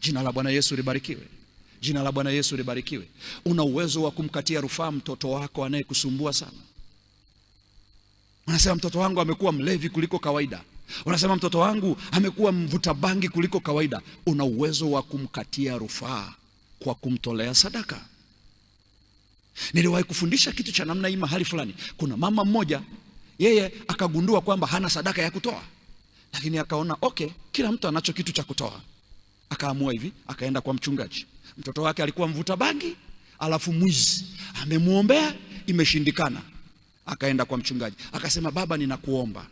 Jina la Bwana Yesu libarikiwe. Jina la Bwana Yesu libarikiwe. Una uwezo wa kumkatia rufaa mtoto wako anayekusumbua sana. Unasema mtoto wangu amekuwa mlevi kuliko kawaida, unasema mtoto wangu amekuwa mvuta bangi kuliko kawaida. Una uwezo wa kumkatia rufaa kwa kumtolea sadaka. Niliwahi kufundisha kitu cha namna hii mahali fulani. Kuna mama mmoja, yeye akagundua kwamba hana sadaka ya kutoa, lakini akaona okay, kila mtu anacho kitu cha kutoa akaamua hivi, akaenda kwa mchungaji. Mtoto wake alikuwa mvuta bangi alafu mwizi, amemwombea imeshindikana, akaenda kwa mchungaji akasema, baba, ninakuomba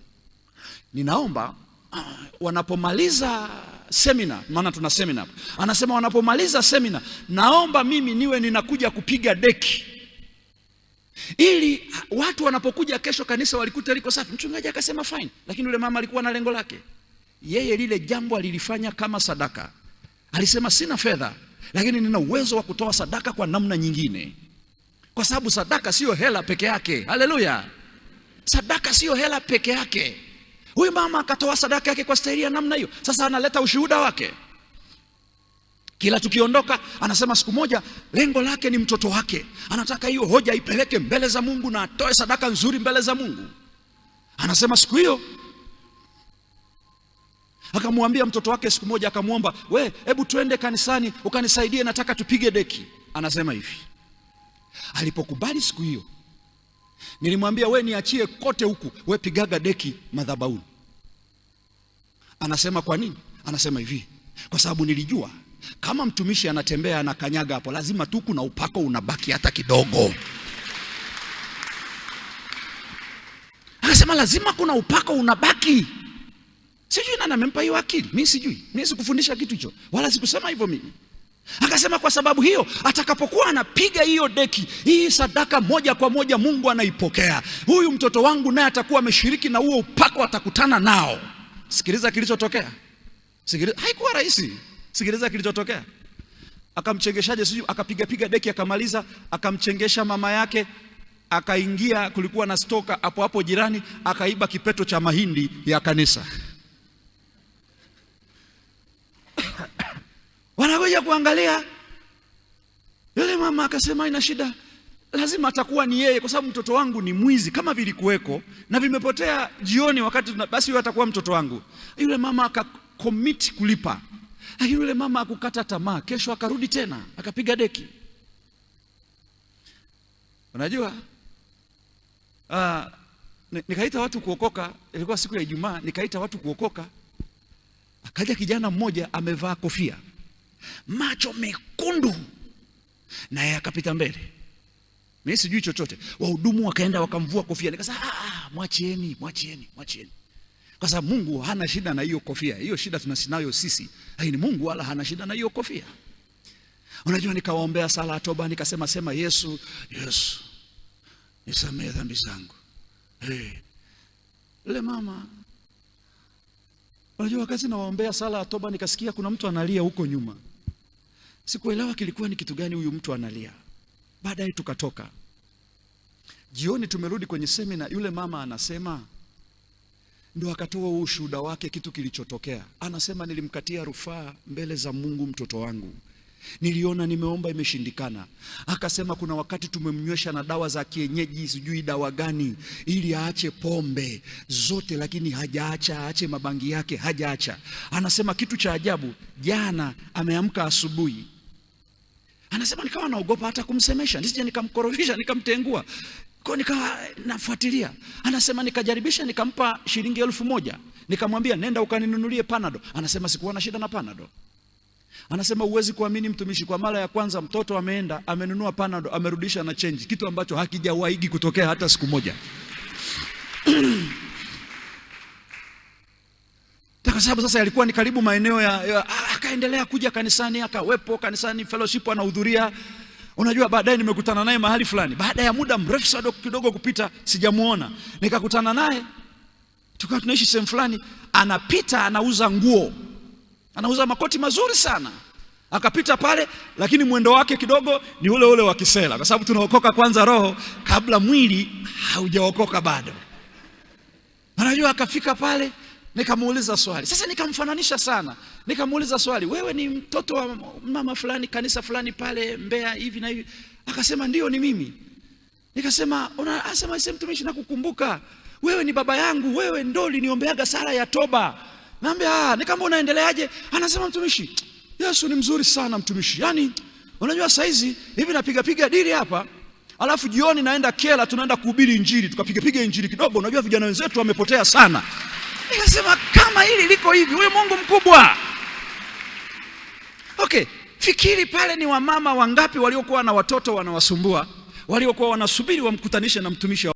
ninaomba ah, wanapomaliza semina, maana tuna semina Anasema wanapomaliza semina, naomba mimi niwe ninakuja kupiga deki ili ah, watu wanapokuja kesho kanisa walikuta liko safi. Mchungaji akasema fine, lakini yule mama alikuwa na lengo lake yeye, lile jambo alilifanya kama sadaka. Alisema sina fedha, lakini nina uwezo wa kutoa sadaka kwa namna nyingine, kwa sababu sadaka siyo hela peke yake. Haleluya! sadaka siyo hela peke yake. Huyu mama akatoa sadaka yake kwa staili ya namna hiyo. Sasa analeta ushuhuda wake kila tukiondoka anasema siku moja lengo lake ni mtoto wake, anataka hiyo hoja ipeleke mbele za Mungu na atoe sadaka nzuri mbele za Mungu. Anasema siku hiyo Akamwambia mtoto wake siku moja, akamwomba we, hebu twende kanisani ukanisaidie, nataka tupige deki. Anasema hivi, alipokubali siku hiyo nilimwambia we, niachie kote huku, we pigaga deki madhabahuni. Anasema kwa nini? Anasema hivi, kwa sababu nilijua kama mtumishi anatembea anakanyaga hapo, lazima tu kuna upako unabaki hata kidogo. Anasema lazima kuna upako unabaki. Sijui nani amempa hiyo akili, mi sijui, mi sikufundisha kitu hicho wala sikusema hivyo mimi. Akasema kwa sababu hiyo atakapokuwa anapiga hiyo deki hii sadaka moja kwa moja, Mungu anaipokea. Huyu mtoto wangu naye atakuwa ameshiriki na huo upako, atakutana nao. Sikiliza kilichotokea, sikiliza, haikuwa rahisi. Sikiliza kilichotokea, akamchengeshaje? Sijui, akapigapiga deki, akamaliza, akamchengesha mama yake akaingia. Kulikuwa na stoka hapo hapo jirani, akaiba kipeto cha mahindi ya kanisa. wanakuja kuangalia yule mama akasema, ina shida, lazima atakuwa ni yeye, kwa sababu mtoto wangu ni mwizi. Kama vilikuweko na vimepotea jioni wakati basi, huyo atakuwa mtoto wangu. Yule mama akakomiti kulipa, lakini yule mama akukata tamaa. Kesho akarudi tena akapiga deki. Unajua ah, nikaita watu kuokoka. Ilikuwa siku ya Ijumaa, nikaita watu kuokoka, akaja kijana mmoja amevaa kofia macho mekundu, naye akapita mbele. Mimi sijui chochote, wahudumu wakaenda wakamvua kofia, nikasema ah, ah, ah mwachieni, mwachieni, mwachieni kwa sababu Mungu hana shida na hiyo kofia. Hiyo shida tunasinayo sisi, lakini Mungu wala hana shida na hiyo kofia. Unajua, nikawaombea sala toba, nikasema sema, Yesu, Yesu nisamehe dhambi zangu. Hey. Yule mama unajua, wakati nawaombea sala ya toba nikasikia kuna mtu analia huko nyuma. Sikuelewa kilikuwa ni kitu gani huyu mtu analia. Baadaye tukatoka jioni, tumerudi kwenye semina, yule mama anasema ndo akatoa ushuhuda wake, kitu kilichotokea. Anasema nilimkatia rufaa mbele za Mungu mtoto wangu, niliona nimeomba imeshindikana. Akasema kuna wakati tumemnywesha na dawa za kienyeji, sijui dawa gani, ili aache pombe zote, lakini hajaacha, aache mabangi yake hajaacha. Anasema kitu cha ajabu, jana ameamka asubuhi Anasema nikawa naogopa hata kumsemesha, nisije nikamkorofisha nikamtengua, kwa nikawa nafuatilia. Anasema nikajaribisha, nikampa shilingi elfu moja nikamwambia nenda ukaninunulie panado. Anasema sikuwa na shida na panado. Anasema uwezi kuamini mtumishi, kwa mara ya kwanza mtoto ameenda amenunua panado, amerudisha na change, kitu ambacho hakijawahi kutokea hata siku moja. kwa sababu sasa yalikuwa ni karibu maeneo ya, ya ah, akaendelea kuja kanisani akawepo kanisani fellowship anahudhuria. Unajua, baadaye nimekutana naye mahali fulani, baada ya muda mrefu sana kidogo kupita, sijamuona, nikakutana naye tukawa tunaishi sehemu fulani, anapita anauza nguo, anauza makoti mazuri sana akapita pale, lakini mwendo wake kidogo ni ule ule wa kisela, kwa sababu tunaokoka kwanza roho kabla mwili haujaokoka bado. Anajua, akafika pale Nikamuuliza swali sasa, nikamfananisha sana, nikamuuliza swali, wewe ni mtoto wa mama fulani kanisa fulani pale Mbeya hivi na hivi? Akasema ndio, ni mimi. Nikasema una asema sasa, mtumishi, nakukumbuka wewe, ni baba yangu, wewe ndo uliniombeaga sala ya toba. Naambia ah, nikamba unaendeleaje? Anasema mtumishi, Yesu ni mzuri sana mtumishi, yani unajua saizi hivi napiga piga dili hapa alafu jioni naenda Kela, tunaenda kuhubiri Injili, tukapiga piga Injili kidogo. Unajua vijana wenzetu wamepotea sana Nikasema kama hili liko hivi, huyu Mungu mkubwa. Okay, fikiri pale, ni wamama wangapi waliokuwa na watoto wanawasumbua, waliokuwa wanasubiri wamkutanishe na mtumishi